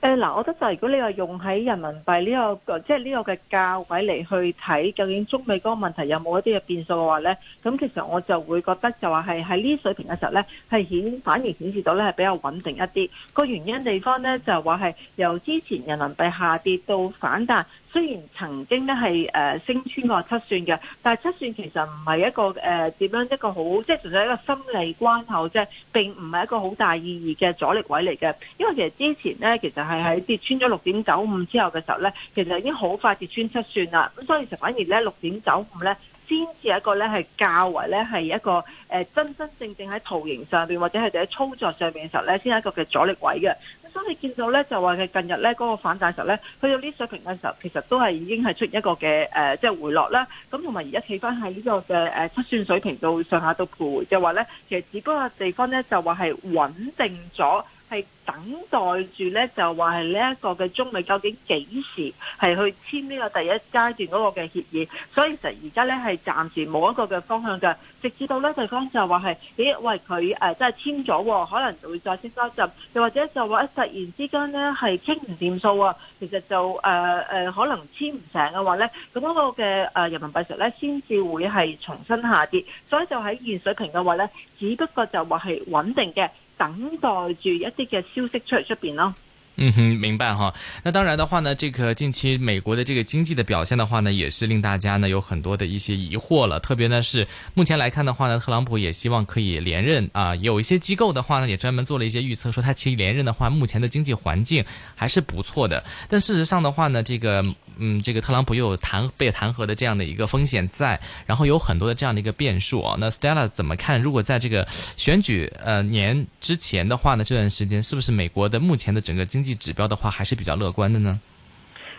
誒、啊、嗱，我覺得就如果你話用喺人民幣呢、這個即係呢個嘅價位嚟去睇，究竟中美嗰個問題有冇一啲嘅變數嘅話咧，咁其實我就會覺得就話係喺呢啲水平嘅時候咧，係顯反而顯示到咧係比較穩定一啲。個原因地方咧就話、是、係由之前人民幣下跌到反彈。雖然曾經咧係誒升穿過七線嘅，但係七線其實唔係一個誒點樣一個好，即係純粹一個心理關口啫，並唔係一個好大意義嘅阻力位嚟嘅。因為其實之前咧，其實係喺跌穿咗六點九五之後嘅時候咧，其實已經好快跌穿七線啦。咁所以其實反而咧，六點九五咧先至係一個咧係較為咧係一個誒真真正正喺圖形上邊或者係喺操作上邊嘅時候咧，先係一個嘅阻力位嘅。所以你見到咧，就話近日咧，個、嗰個反彈時候咧，去到呢水平嘅時候，其實都係已經係出現一個嘅誒，即、呃就係、回落啦。咁同埋而家企翻喺呢個嘅誒測算水平度上下到徘徊，就話咧，其實只不過地方咧，就話係穩定咗，係等待住咧，就話係呢一個嘅中美究竟幾時係去簽呢個第一階段嗰個嘅協議？所以其實而家咧係暫時冇一個嘅方向嘅。直至到咧對方就話係咦，喂佢誒即係簽咗，可能就會再先收集，又或者就話一突然之間咧係傾唔掂數啊，其實就誒、呃、誒、呃、可能簽唔成嘅話咧，咁嗰個嘅誒人民幣值咧先至會係重新下跌。所以就喺現水平嘅話咧，只不過就話係穩定嘅。等待住一啲嘅消息出嚟出邊咯。嗯哼，明白哈。那當然的話呢，這個近期美國的這個經濟的表現的話呢，也是令大家呢有很多的一些疑惑了。特別呢是目前來看的話呢，特朗普也希望可以連任啊。有一些機構的話呢，也專門做了一些預測，說他其實連任的話，目前的經濟環境還是不錯的。但事實上的話呢，這個。嗯，這個特朗普又有彈被彈劾的這樣的一個風險在，然後有很多的這樣的一個變數哦、啊。那 Stella 怎麼看？如果在這個選舉呃年之前的話呢，這段時間是不是美國的目前的整個經濟指標的話還是比較樂觀的呢？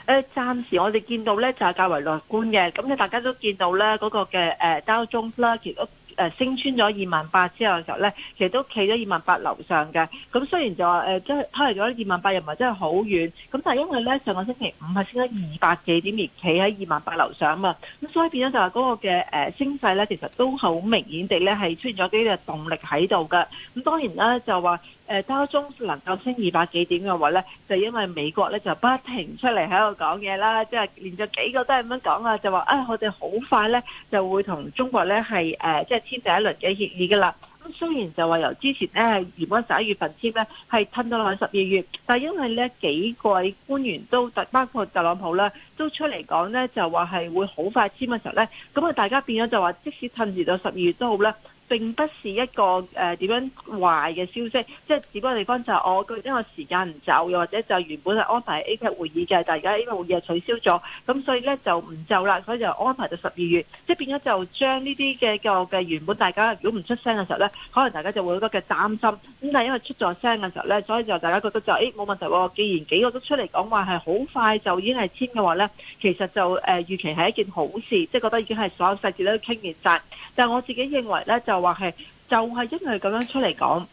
誒、呃，暫時我哋見到咧就係較為樂觀嘅，咁你大家都見到咧嗰、那個嘅誒 Dow Jones 啦，其誒升穿咗二萬八之後嘅時候咧，其實都企咗二萬八樓上嘅。咁雖然就話誒，即係拋離咗二萬八又唔係真係好遠。咁但係因為咧上個星期五係升咗二百幾點而企喺二萬八樓上啊嘛，咁所以變咗就話嗰個嘅誒升勢咧，其實都好明顯地咧係出現咗幾隻動力喺度嘅。咁當然啦，就話。誒當中能夠升二百幾點嘅話咧，就因為美國咧就不停出嚟喺度講嘢啦，即、就、係、是、連咗幾個都係咁樣講啊，就話啊、哎，我哋好快咧就會同中國咧係誒即係簽第一輪嘅協議嘅啦。咁雖然就話由之前咧原本十一月份簽咧，係褪到落去十二月，但係因為咧幾個官員都特包括特朗普啦，都出嚟講咧就話係會好快簽嘅時候咧，咁啊大家變咗就話即使褪遲到十二月都好啦。並不是一個誒點樣壞嘅消息，即、就、係、是、只不過地方就係我因為時間唔走，又或者就原本係安排 A 級會議嘅，但係而家 A 個會議就取消咗，咁所以咧就唔就啦，所以就安排到十二月，即係變咗就將呢啲嘅嘅原本大家如果唔出聲嘅時候咧，可能大家就會覺得嘅擔心，咁但係因為出咗聲嘅時候咧，所以就大家覺得就誒冇、哎、問題喎、啊，既然幾個都出嚟講話係好快就已經係簽嘅話咧，其實就誒預期係一件好事，即係覺得已經係所有細節都傾完晒。但係我自己認為咧就。話係就係因為咁樣出嚟講，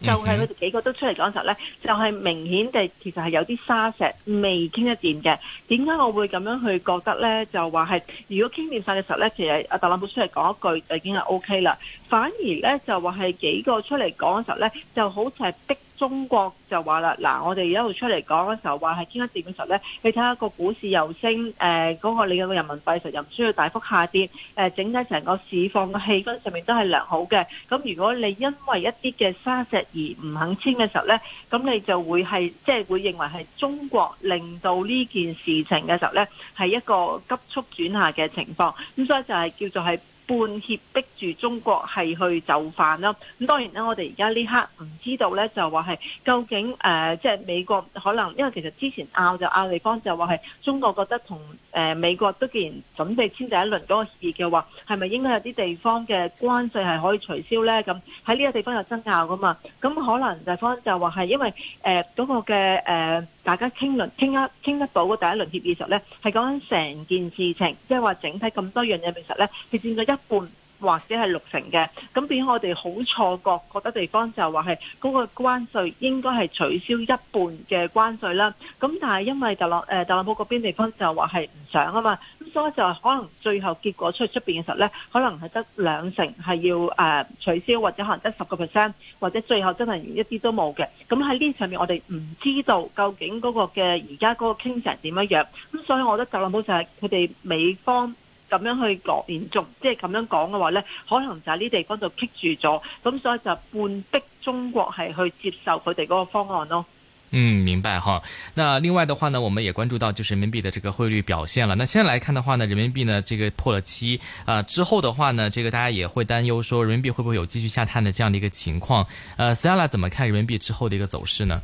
就係佢哋幾個都出嚟講時候呢，就係明顯地其實係有啲沙石未傾得掂嘅。點解我會咁樣去覺得呢？就話係如果傾掂晒嘅時候呢，其實阿特朗普出嚟講一句就已經係 OK 啦。反而呢，就話係幾個出嚟講嘅時候呢，就好似係逼。中國就話啦，嗱，我哋一路出嚟講嘅時候，話係傾一時嘅時候咧，你睇下個股市又升，誒、呃，嗰、那個你嘅人民幣實又唔需要大幅下跌，誒、呃，整體成個市況嘅氣氛上面都係良好嘅。咁如果你因為一啲嘅沙石而唔肯簽嘅時候咧，咁你就會係即係會認為係中國令到呢件事情嘅時候咧，係一個急速轉下嘅情況。咁所以就係叫做係。半協逼住中國係去就範啦、啊。咁當然啦、啊，我哋而家呢刻唔知道呢就話係究竟誒，即、呃、係、就是、美國可能因為其實之前拗就拗地方就話係中國覺得同誒、呃、美國都既然準備簽第一輪嗰個協議嘅話，係咪應該有啲地方嘅關稅係可以取消呢？咁喺呢個地方有爭拗噶嘛？咁可能對方就話係因為誒嗰、呃那個嘅誒。呃大家傾論傾一傾得到嘅第一輪協議時候咧，係講緊成件事情，即係話整體咁多樣嘢，其實咧，係佔咗一半或者係六成嘅，咁變我哋好錯覺，覺得地方就話係嗰個關稅應該係取消一半嘅關稅啦。咁但係因為特朗普、呃、特朗普嗰邊地方就話係唔想啊嘛。所以就可能最後結果出出邊嘅時候咧，可能係得兩成係要誒、呃、取消，或者可能得十個 percent，或者最後真係一啲都冇嘅。咁喺呢上面我哋唔知道究竟嗰個嘅而家嗰個傾斜點樣樣。咁所以我覺得特朗普就係佢哋美方咁樣去講，嚴重即係咁樣講嘅話咧，可能就喺呢地方就棘住咗。咁所以就半逼中國係去接受佢哋嗰個方案咯。嗯，明白哈。那另外的話呢，我們也關注到就是人民幣的這個匯率表現了。那現在來看的話呢，人民幣呢這個破了七啊、呃、之後的話呢，這個大家也會擔憂說人民幣會不會有繼續下探的這樣的一個情況。呃 Sarah 怎麼看人民幣之後的一個走勢呢？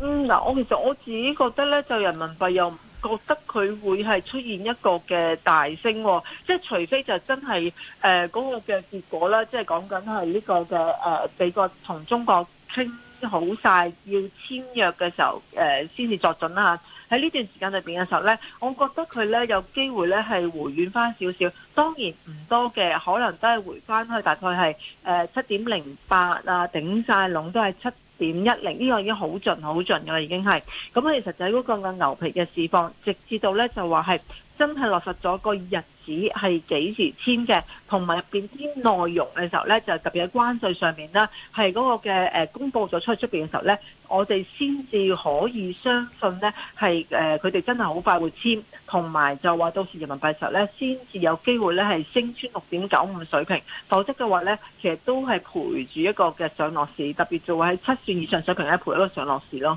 嗯，嗱，我其實我自己覺得呢，就人民幣又覺得佢會係出現一個嘅大升、哦，即係除非就真係誒嗰個嘅結果啦，即係講緊係呢個嘅誒美國同中國傾。好晒，要簽約嘅時候，呃、先至作準啦吓。喺呢段時間裏邊嘅時候呢，我覺得佢呢有機會呢係回軟翻少少，當然唔多嘅，可能都係回翻去大概係誒七點零八啊，頂晒籠都係七點一零，呢個已經好盡好盡噶啦，已經係。咁其實就喺嗰個牛皮嘅市況直至到呢就話係。真係落實咗個日子係幾時簽嘅，同埋入面啲內容嘅時候呢，就特別喺關稅上面啦。係嗰個嘅誒公佈咗出去出邊嘅時候呢，我哋先至可以相信呢係誒佢哋真係好快會簽，同埋就話到時人民幣時候呢，先至有機會呢係升穿六點九五嘅水平，否則嘅話呢，其實都係陪住一個嘅上落市，特別就話喺七算以上水平咧，陪一個上落市咯。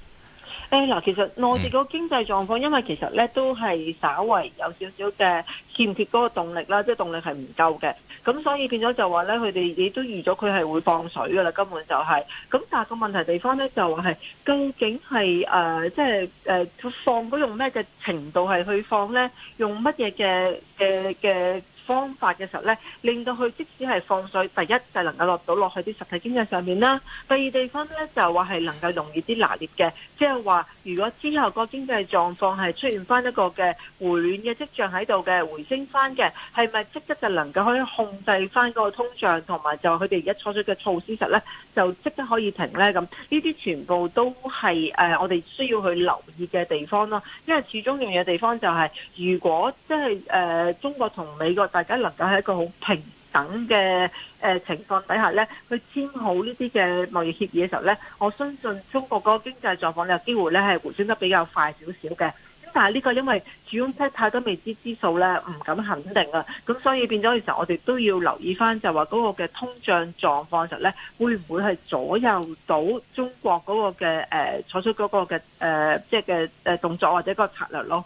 誒嗱，其實內地個經濟狀況，因為其實咧都係稍為有少少嘅欠缺嗰個動力啦，即係動力係唔夠嘅，咁所以變咗就話咧，佢哋亦都預咗佢係會放水噶啦，根本就係、是，咁但係個問題地方咧就係究竟係誒、呃、即係誒佢放用咩嘅程度係去放咧，用乜嘢嘅嘅嘅？方法嘅時候咧，令到佢即使係放水，第一就係能夠落到落去啲實體經濟上面啦。第二地方咧就話係能夠容易啲拿捏嘅，即係話如果之後個經濟狀況係出現翻一個嘅回暖嘅跡象喺度嘅回升翻嘅，係咪即刻就能夠可以控制翻嗰個通脹，同埋就佢哋而家採取嘅措施實咧，就即刻可以停咧？咁呢啲全部都係誒我哋需要去留意嘅地方咯。因為始終用嘅地方就係如果即係誒中國同美國大家能夠喺一個好平等嘅誒情況底下咧，去簽好呢啲嘅貿易協議嘅時候咧，我相信中國嗰個經濟狀況咧有機會咧係回升得比較快少少嘅。咁但係呢個因為主要即太多未知之數咧，唔敢肯定啊。咁所以變咗嘅時候，我哋都要留意返就話嗰個嘅通脹狀況嘅時候咧，會唔會係左右到中國嗰個嘅誒採取嗰個嘅誒、呃、即係嘅誒動作或者個策略咯？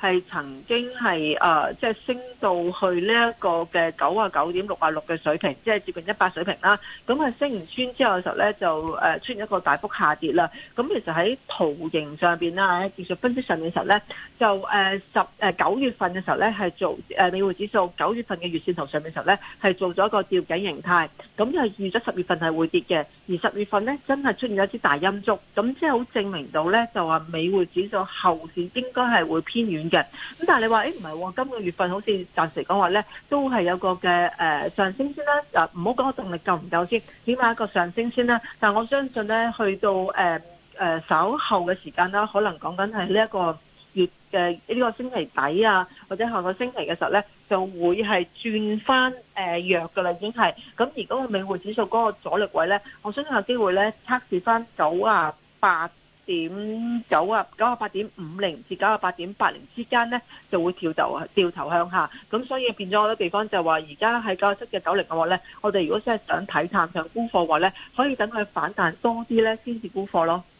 係曾經係誒，即、呃、係、就是、升到去呢一個嘅九啊九點六啊六嘅水平，即、就、係、是、接近一百水平啦。咁啊升完穿之後嘅時候咧，就誒出現一個大幅下跌啦。咁其實喺圖形上邊啦，喺技術分析上面嘅時候咧，就誒十誒九月份嘅時候咧係做誒、呃、美匯指數九月份嘅月線圖上面嘅時候咧係做咗一個吊頸形態，咁就預咗十月份係會跌嘅。而十月份咧真係出現咗一支大陰燭，咁即係好證明到咧就話美匯指數後市應該係會偏軟。嘅，咁但係你話，誒唔係喎，今個月份好似暫時講話咧，都係有個嘅誒上升先啦、啊，就唔好講動力夠唔夠先，起碼一個上升先啦、啊。但係我相信咧，去到誒誒、嗯嗯、稍後嘅時間啦、啊，可能講緊係呢一個月嘅呢、這個星期底啊，或者下個星期嘅時候咧，就會係轉翻誒弱噶啦，已經係。咁而嗰個美匯指數嗰個阻力位咧，我相信有機會咧測試翻九啊八。點九啊九十八點五零至九十八點八零之間咧，就會調頭掉頭向下。咁所以變咗好多地方就話，而家係九十七嘅九零嘅話咧，我哋如果真係想睇探上沽貨嘅話咧，可以等佢反彈多啲咧，先至沽貨咯。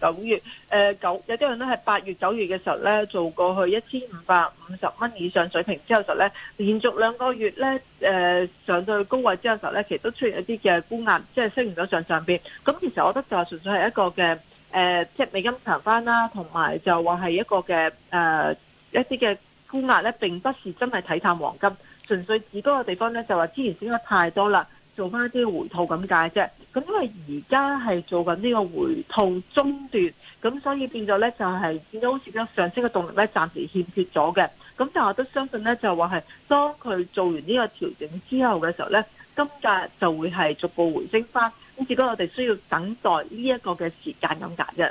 九月，誒、呃、九有啲人咧係八月九月嘅時候咧，做過去一千五百五十蚊以上水平之後時呢，就咧連續兩個月咧，誒、呃、上到去高位之後實咧，其實都出現一啲嘅沽壓，即係升唔到上上邊。咁其實我覺得就係純粹係一個嘅誒、呃，即係美金彈返啦，同埋就話係一個嘅誒、呃、一啲嘅沽壓咧，並不是真係睇淡黃金，純粹而多嘅地方咧就話之前升得太多啦。做翻啲回吐咁解啫，咁因為而家係做緊呢個回吐中段，咁所以變咗咧就係變咗好似得上升嘅動力咧暫時欠缺咗嘅，咁但係我都相信咧就話係當佢做完呢個調整之後嘅時候咧，金價就會係逐步回升翻，咁只不過我哋需要等待呢一個嘅時間咁解啫。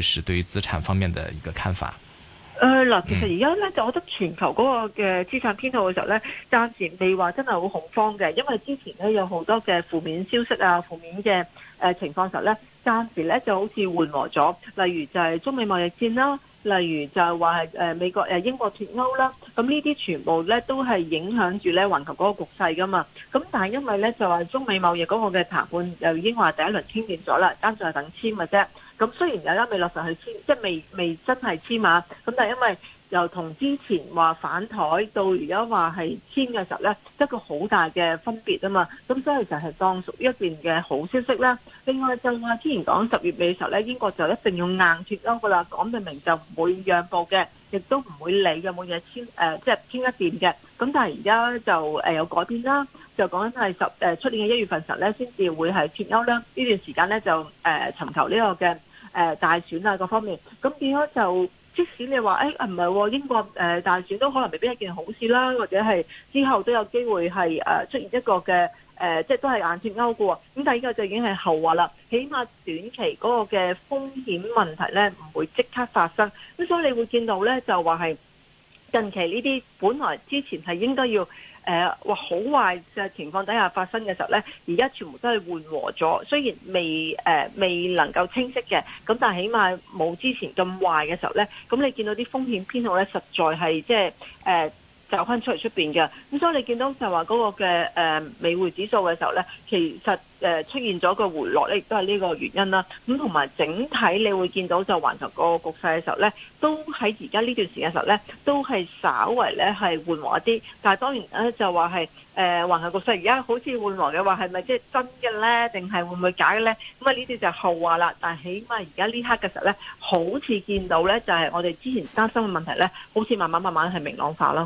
是對於資產方面的一個看法。誒、呃、嗱，其實而家咧，就、嗯、我覺得全球嗰個嘅資產偏套嘅時候咧，暫時未話真係好恐慌嘅，因為之前咧有好多嘅負面消息啊、負面嘅誒情況時候咧，暫時咧就好似緩和咗。例如就係中美貿易戰啦，例如就係話係誒美國誒英國脫歐啦，咁呢啲全部咧都係影響住咧環球嗰個局勢噶嘛。咁但係因為咧就話中美貿易嗰個嘅談判又已經話第一輪傾掂咗啦，單淨係等簽嘅啫。咁雖然而家未落實去簽，即係未未真係簽嘛。咁但係因為由同之前話反台到而家話係簽嘅時候咧，一個好大嘅分別啊嘛。咁所以就係當屬於一段嘅好消息啦。另外就話之前講十月尾嘅時候咧，英國就一定要硬脱歐㗎啦，講明明就唔會讓步嘅，亦都唔會理嘅，冇嘢傾誒即係傾一掂嘅。咁但係而家就有改變啦，就講緊係十誒出年嘅一月份時候咧，先至會係脱歐啦。呢段時間咧就誒、呃、尋求呢個嘅。誒、呃、大選啊，各方面咁變咗就，即使你話，哎，唔係喎，英國誒、呃、大選都可能未必係一件好事啦，或者係之後都有機會係、呃、出現一個嘅、呃、即係都係硬脱歐嘅。咁但係依家就已經係後話啦，起碼短期嗰個嘅風險問題咧唔會即刻發生。咁所以你會見到咧，就話係近期呢啲本來之前係應該要。誒話好壞嘅情況底下發生嘅時候呢，而家全部都係緩和咗，雖然未、呃、未能夠清晰嘅，咁但係起碼冇之前咁壞嘅時候呢。咁你見到啲風險偏好呢，實在係即係誒。走返出嚟出面嘅咁，所以你見到就話嗰個嘅誒美匯指數嘅時候呢，其實誒出現咗個回落呢，亦都係呢個原因啦。咁同埋整體，你會見到就環球個局勢嘅時候呢，都喺而家呢段時間嘅時候呢，都係稍為呢係緩和一啲。但係當然咧就話係誒環球局勢而家好似緩和嘅話，係咪即係真嘅呢？定係會唔會假嘅呢？咁啊呢啲就後話啦。但係起碼而家呢刻嘅時候呢，好似見到呢，就係我哋之前擔心嘅問題呢，好似慢慢慢慢係明朗化囉。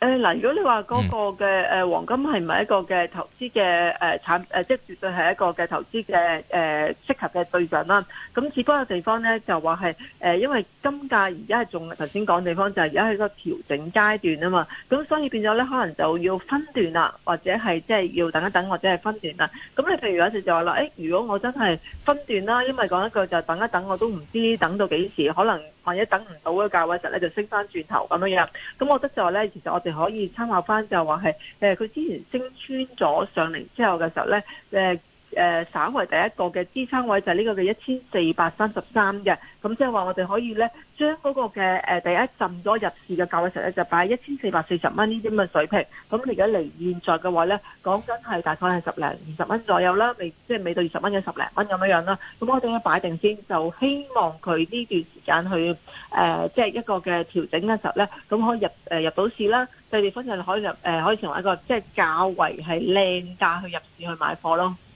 誒嗱，如果你話嗰個嘅誒黃金係唔係一個嘅投資嘅誒產誒，即、呃、係絕對係一個嘅投資嘅誒適合嘅對象啦。咁只不過嘅地方咧，就話係誒，因為金價而家係仲頭先講地方，就係而家係一個調整階段啊嘛。咁所以變咗咧，可能就要分段啦，或者係即係要等一等，或者係分段啦。咁你譬如有時就話啦、哎，如果我真係分段啦，因為講一句就等一等，我都唔知等到幾時，可能。或者等唔到嗰個價位時咧，就升翻轉頭咁樣樣，咁我覺得就係咧，其實我哋可以參考翻就係話係，誒佢之前升穿咗上嚟之後嘅時候咧，誒。誒，省為第一個嘅支撐位就係呢個嘅一千四百三十三嘅，咁即係話我哋可以咧將嗰個嘅誒第一浸咗入市嘅價位時候咧就擺一千四百四十蚊呢啲咁嘅水平。咁而家嚟現在嘅話咧，講真係大概係十零二十蚊左右啦，未即係未到二十蚊嘅十零蚊咁樣樣啦。咁我哋咧擺定先，就希望佢呢段時間去誒即係一個嘅調整嘅時候咧，咁可以入誒、呃、入到市啦，對地方就可以入誒、呃、可以成為一個即係較為係靚價去入市去買貨咯。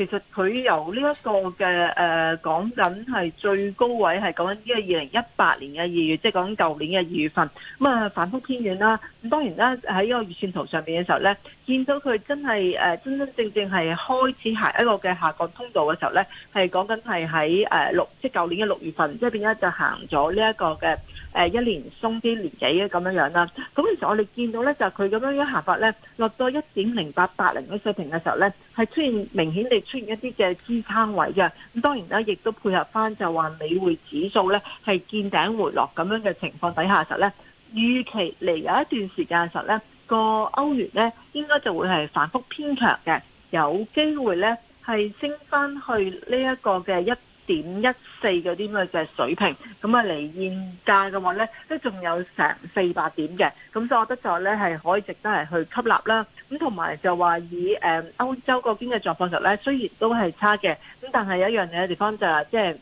其實佢由呢一個嘅誒講緊係最高位，係講緊呢個二零一八年嘅二月，即、就、係、是、講緊舊年嘅二月份，咁、嗯、啊反覆偏遠啦、啊。咁當然啦，喺呢個月線圖上邊嘅時候咧，見到佢真係誒真真正正係開始行一個嘅下降通道嘅時候咧，係講緊係喺誒六，即係舊年嘅六月份，即、就、係、是、變咗就行咗呢一個嘅誒、呃、一年鬆啲年幾嘅咁樣樣、啊、啦。咁其實我哋見到咧就佢、是、咁樣樣行法咧，落到一點零八八零嘅水平嘅時候咧，係出現明顯地。出現一啲嘅支撐位嘅，咁當然啦，亦都配合翻就話美匯指數咧係見頂回落咁樣嘅情況底下實咧，預期嚟有一段時間嘅時候咧，個歐元咧應該就會係反覆偏強嘅，有機會咧係升翻去呢一個嘅一點一四嗰啲咁嘅水平，咁啊嚟現價嘅話咧都仲有成四百點嘅，咁所以我覺得就咧係可以值得係去吸納啦。咁同埋就話以誒歐洲嗰邊嘅狀況入咧，雖然都係差嘅，咁但係有一樣嘢嘅地方就係即係。就是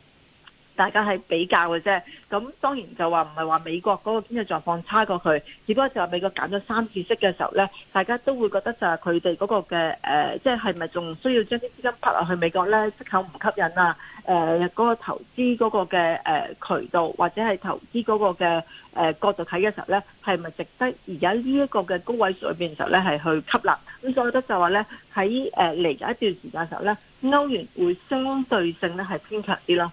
大家係比較嘅啫，咁當然就話唔係話美國嗰個經濟狀況差過佢，只不過就話美國減咗三次息嘅時候咧，大家都會覺得就係佢哋嗰個嘅誒，即係係咪仲需要將啲資金拋落去美國咧？息口唔吸引啊！誒、呃、嗰、那個投資嗰個嘅、呃、渠道，或者係投資嗰個嘅、呃、角度睇嘅時候咧，係咪值得而家呢一個嘅高位水邊嘅時候咧係去吸納？咁所以覺得就話咧喺嚟緊一段時間嘅時候咧，歐元會相對性咧係偏強啲咯。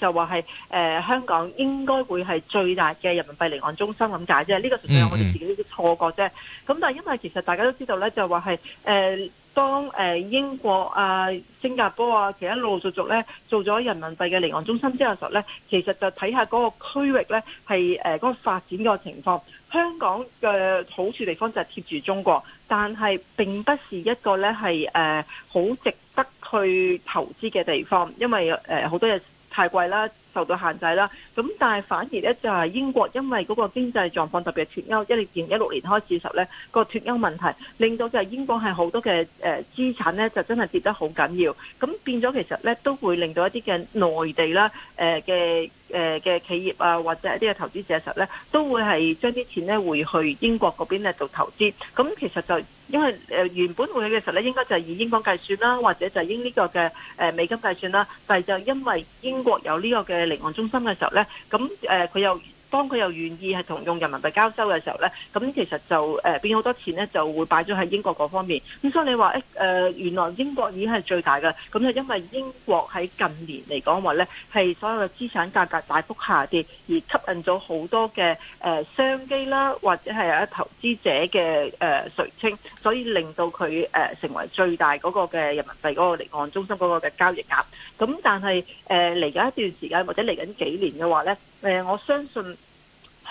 就話係誒香港應該會係最大嘅人民幣離岸中心咁解啫。呢、這個純粹係我哋自己嘅錯覺啫。咁、嗯嗯、但係因為其實大家都知道呢就話係誒當誒、呃、英國啊、新加坡啊，其他陸陸續續呢做咗人民幣嘅離岸中心之後嘅時候呢，其實就睇下嗰個區域呢係誒嗰個發展個情況。香港嘅好處地方就係貼住中國，但係並不是一個呢係誒好值得去投資嘅地方，因為誒好、呃、多嘢。太貴啦，受到限制啦。咁但係反而咧就係英國，因為嗰個經濟狀況特別脱歐，二零一六年開始時候咧個脱歐問題，令到就係英國係好多嘅誒資產咧就真係跌得好緊要。咁變咗其實咧都會令到一啲嘅內地啦嘅嘅企業啊，或者一啲嘅投資者實咧都會係將啲錢咧會去英國嗰邊咧做投資。咁其實就。因為誒、呃、原本會嘅時候咧，應該就係以英鎊計算啦，或者就係英呢個嘅誒、呃、美金計算啦，但係就因為英國有呢個嘅離岸中心嘅時候咧，咁誒佢又。呃當佢又願意係同用人民幣交收嘅時候呢，咁其實就誒變好多錢呢就會擺咗喺英國嗰方面。咁所以你話誒、欸呃、原來英國已經係最大嘅。咁就因為英國喺近年嚟講話呢，係所有嘅資產價格大幅下跌，而吸引咗好多嘅誒商機啦，或者係一投資者嘅誒垂青，所以令到佢成為最大嗰個嘅人民幣嗰個離岸中心嗰個嘅交易額。咁但係誒嚟緊一段時間或者嚟緊幾年嘅話呢。誒，我相信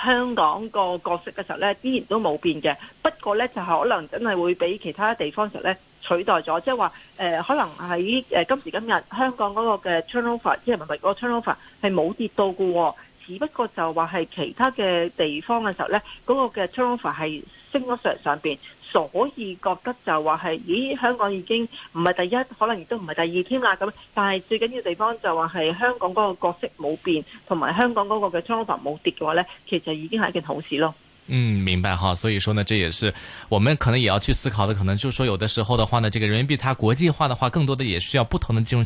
香港個角色嘅時候咧，依然都冇變嘅。不過咧，就係可能真係會畀其他地方時候咧取代咗，即係話誒，可能喺誒今時今日香港嗰個嘅 turnover，即係唔係個 turnover 係冇跌到㗎喎、哦。只不過就話係其他嘅地方嘅時候咧，嗰、嗰個嘅 turnover 係。上上上邊，所以覺得就話係，咦，香港已經唔係第一，可能亦都唔係第二添啦。咁，但係最緊要地方就話係香港嗰個角色冇變，同埋香港嗰個嘅 travel 冇跌嘅話呢，其實已經係一件好事咯。嗯，明白哈。所以說呢，這也是我們可能也要去思考的，可能就是說，有的時候的話呢，這個人民幣它國際化的話，更多的也需要不同的金融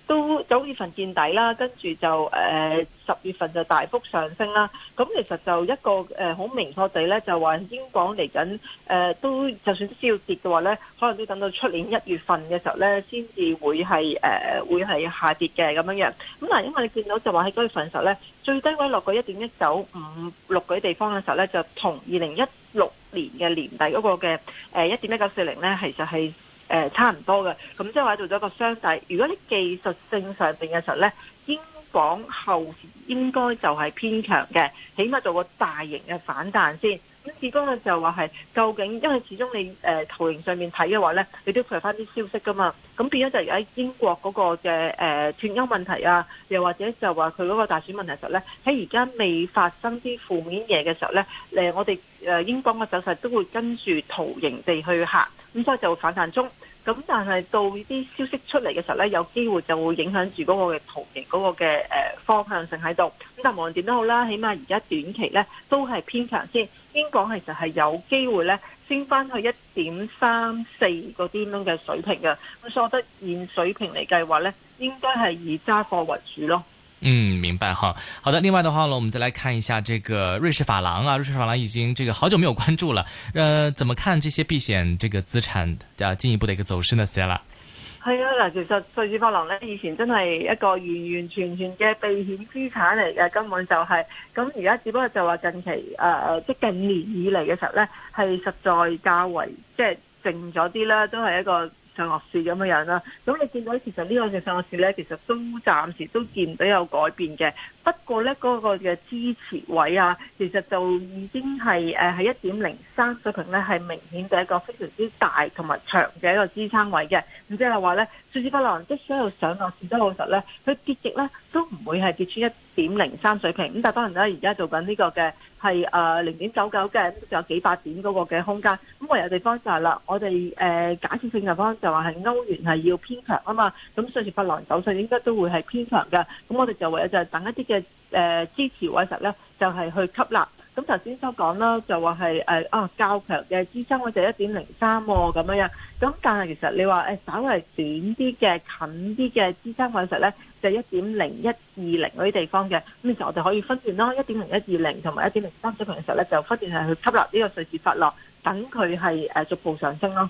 都九月份見底啦，跟住就誒十、呃、月份就大幅上升啦。咁其實就一個誒好、呃、明確地咧，就話英鎊嚟緊誒都就算需要跌嘅話咧，可能都等到出年一月份嘅時候咧，先至會係誒、呃、會係下跌嘅咁樣樣。咁嗱，因為你見到就話喺嗰月份時候咧，最低位落過一點一九五六嗰啲地方嘅時候咧，就同二零一六年嘅年底嗰個嘅誒一點一九四零咧，其實係。誒差唔多嘅，咁即係話做咗個雙底如果你技術性上邊嘅時候咧，英鎊後應該就係偏強嘅，起碼做個大型嘅反彈先。咁至終咧就話係究竟，因為始終你誒圖形上面睇嘅話咧，你都要睇返啲消息噶嘛。咁變咗就而喺英國嗰個嘅誒脱歐問題啊，又或者就話佢嗰個大選問題嘅時候咧，喺而家未發生啲負面嘢嘅時候咧、呃，我哋誒、呃、英鎊嘅走勢都會跟住圖形地去行。咁所以就會反彈中，咁但係到啲消息出嚟嘅時候咧，有機會就會影響住嗰個嘅圖形、嗰個嘅誒方向性喺度。咁但係無論點都好啦，起碼而家短期咧都係偏強先。英國其實係有機會咧升翻去一點三四嗰啲咁嘅水平嘅。咁所以我覺得現水平嚟計劃咧，應該係以揸貨為主咯。嗯，明白哈。好的，另外的話咧，我們再來看一下這個瑞士法郎啊，瑞士法郎已經這個好久沒有關注了。呃，怎麼看這些避險這個資產嘅進一步的一個走勢呢？Celia？係啊，嗱，其實瑞士法郎呢以前真係一個完完全全嘅避險資產嚟嘅，根本就係、是，咁而家只不過就話近期誒、呃，即係近年以嚟嘅時候呢係實在較為即係靜咗啲啦，都係一個。上落市咁嘅樣啦，咁你見到其實這個呢個嘅上落市咧，其實都暫時都見到有改變嘅。不過咧，嗰、那個嘅支持位啊，其實就已經係誒喺一點零三水平咧，係明顯嘅一個非常之大同埋長嘅一個支撐位嘅。咁即係話咧，瑞士法郎嘅所有上落市都好實咧，佢跌極咧都唔會係跌穿一點零三水平咁，但係當然啦，而家做緊呢個嘅係誒零點九九嘅，仲有幾百點嗰個嘅空間。咁唯有地方就係、是、啦，我哋誒假設性嘅方，就話係歐元係要偏強啊嘛，咁瑞士法郎走勢應該都會係偏強嘅。咁我哋就唯有就係等一啲嘅誒支持位實咧，就係去吸納。咁頭先所講啦，就話係誒啊較強嘅支撐位就係一點零三咁樣樣，咁但係其實你話誒稍微短啲嘅、近啲嘅支撐位嘅時候咧，就一點零一二零嗰啲地方嘅，咁，其實我哋可以分段咯，一點零一二零同埋一點零三水平嘅時候咧，就分段係去吸納呢個瑞士法郎，等佢係誒逐步上升咯。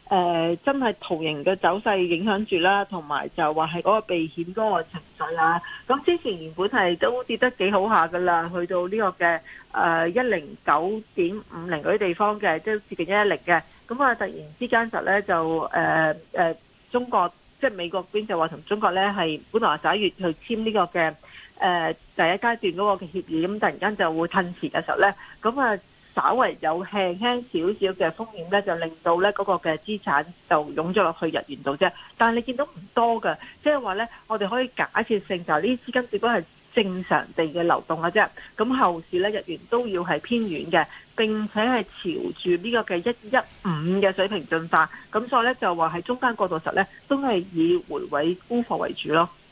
誒、呃、真係圖形嘅走勢影響住啦，同埋就話係嗰個避險嗰個情緒啦。咁之前原本係都跌得幾好下㗎啦，去到呢個嘅誒一零九點五零嗰啲地方嘅，即係接近一一零嘅。咁啊，突然之間就咧就誒中國即係、就是、美國邊就話同中國咧係本來話十一月去簽呢個嘅誒、呃、第一階段嗰個協議，咁突然間就會褪遲嘅時候咧，咁啊～稍為有輕輕少少嘅風險咧，就令到咧嗰個嘅資產就湧咗落去日元度啫。但係你見到唔多㗎，即係話咧，我哋可以假設性就係呢資金只不過係正常地嘅流動嘅啫。咁後市咧，日元都要係偏軟嘅，並且係朝住呢個嘅一一五嘅水平進化。咁所以咧，就話喺中間過渡時候咧，都係以回位沽貨為主咯。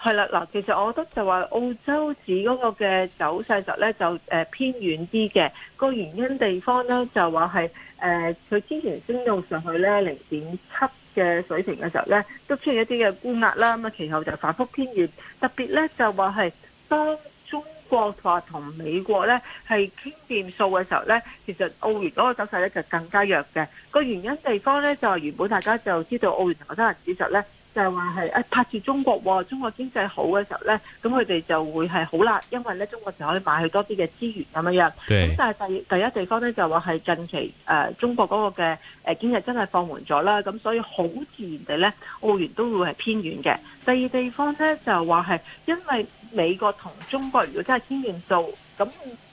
係啦，嗱，其實我覺得就話澳洲紙嗰個嘅走勢就咧就誒偏軟啲嘅，個原因地方咧就話係誒佢之前升到上去咧零點七嘅水平嘅時候咧都出現一啲嘅沽壓啦，咁啊其後就反復偏軟，特別咧就話係當中國話同美國咧係傾掂數嘅時候咧，其實澳元嗰個走勢咧就更加弱嘅，個原因地方咧就係原本大家就知道澳元同個新西蘭指數咧，就話係誒拍住中國、哦，中國經濟好嘅時候呢，咁佢哋就會係好啦，因為呢中國就可以買去多啲嘅資源咁樣樣。咁但係第第一地方呢，就話、是、係近期誒、呃、中國嗰個嘅誒、呃、經濟真係放緩咗啦，咁所以好自然地呢，澳元都會係偏軟嘅。第二地方呢，就話係因為美國同中國如果真係傾掂數，咁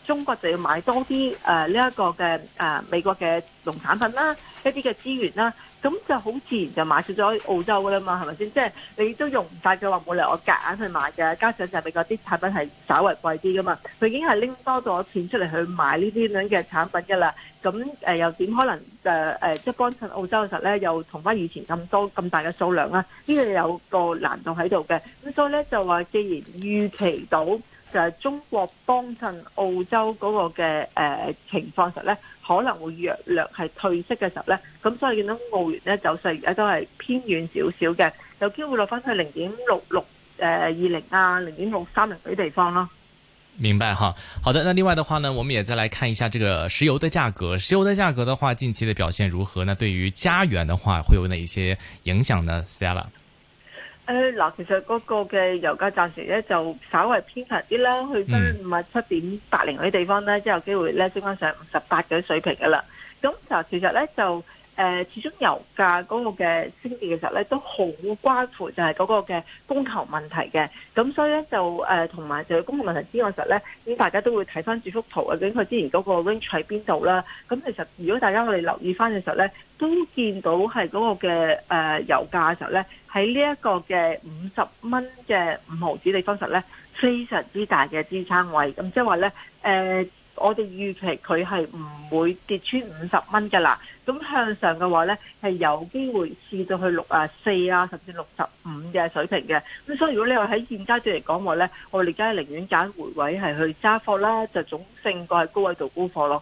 中國就要買多啲誒呢一個嘅誒、呃、美國嘅農產品啦，一啲嘅資源啦。咁就好自然就買少咗澳洲噶啦嘛，係咪先？即係你都用唔晒，佢話冇理由我夾硬去買嘅，加上就比較啲產品係稍為貴啲噶嘛，佢已經係拎多咗錢出嚟去買呢啲咁嘅產品噶啦。咁誒又點可能誒誒即係幫襯澳洲嘅時候咧，又同翻以前咁多咁大嘅數量啦，呢個有個難度喺度嘅。咁所以咧就話，既然預期到。就係、是、中國幫襯澳洲嗰個嘅誒情況實咧，可能會弱略係褪色嘅時候咧，咁所以見到澳元咧走勢而家都係偏遠少少嘅，有機會落翻去零點六六誒二零啊，零點六三零啲地方咯。明白哈，好的，那另外的話呢，我們也再來看一下這個石油的價格，石油的價格的話近期的表現如何呢？對於加元的話會有哪一些影響呢？Sara？誒，嗱，其實嗰個嘅油價暫時咧就稍微偏強啲啦，去到五啊七點八零嗰啲地方咧，即係有機會咧升翻上五十八嘅水平噶啦。咁就其實咧就誒、呃，始終油價嗰個嘅升跌嘅時候咧，都好關乎就係嗰個嘅供求問題嘅。咁所以咧就誒，同、呃、埋就係供求問題之外時候呢，其實咧咁大家都會睇翻住幅圖啊，究竟佢之前嗰個 range 喺邊度啦。咁其實如果大家我哋留意翻嘅時候咧，都見到係嗰個嘅誒、呃、油價嘅時候咧。喺呢一個嘅五十蚊嘅五毫子地方實咧，非常之大嘅支撐位咁，即係話咧，誒、呃，我哋預期佢係唔會跌穿五十蚊噶啦。咁向上嘅話咧，係有機會試到去六十四呀，甚至六十五嘅水平嘅。咁所以如果你話喺現階段嚟講話咧，我哋而家寧願揀回位係去揸貨啦，就總勝過喺高位度沽貨咯。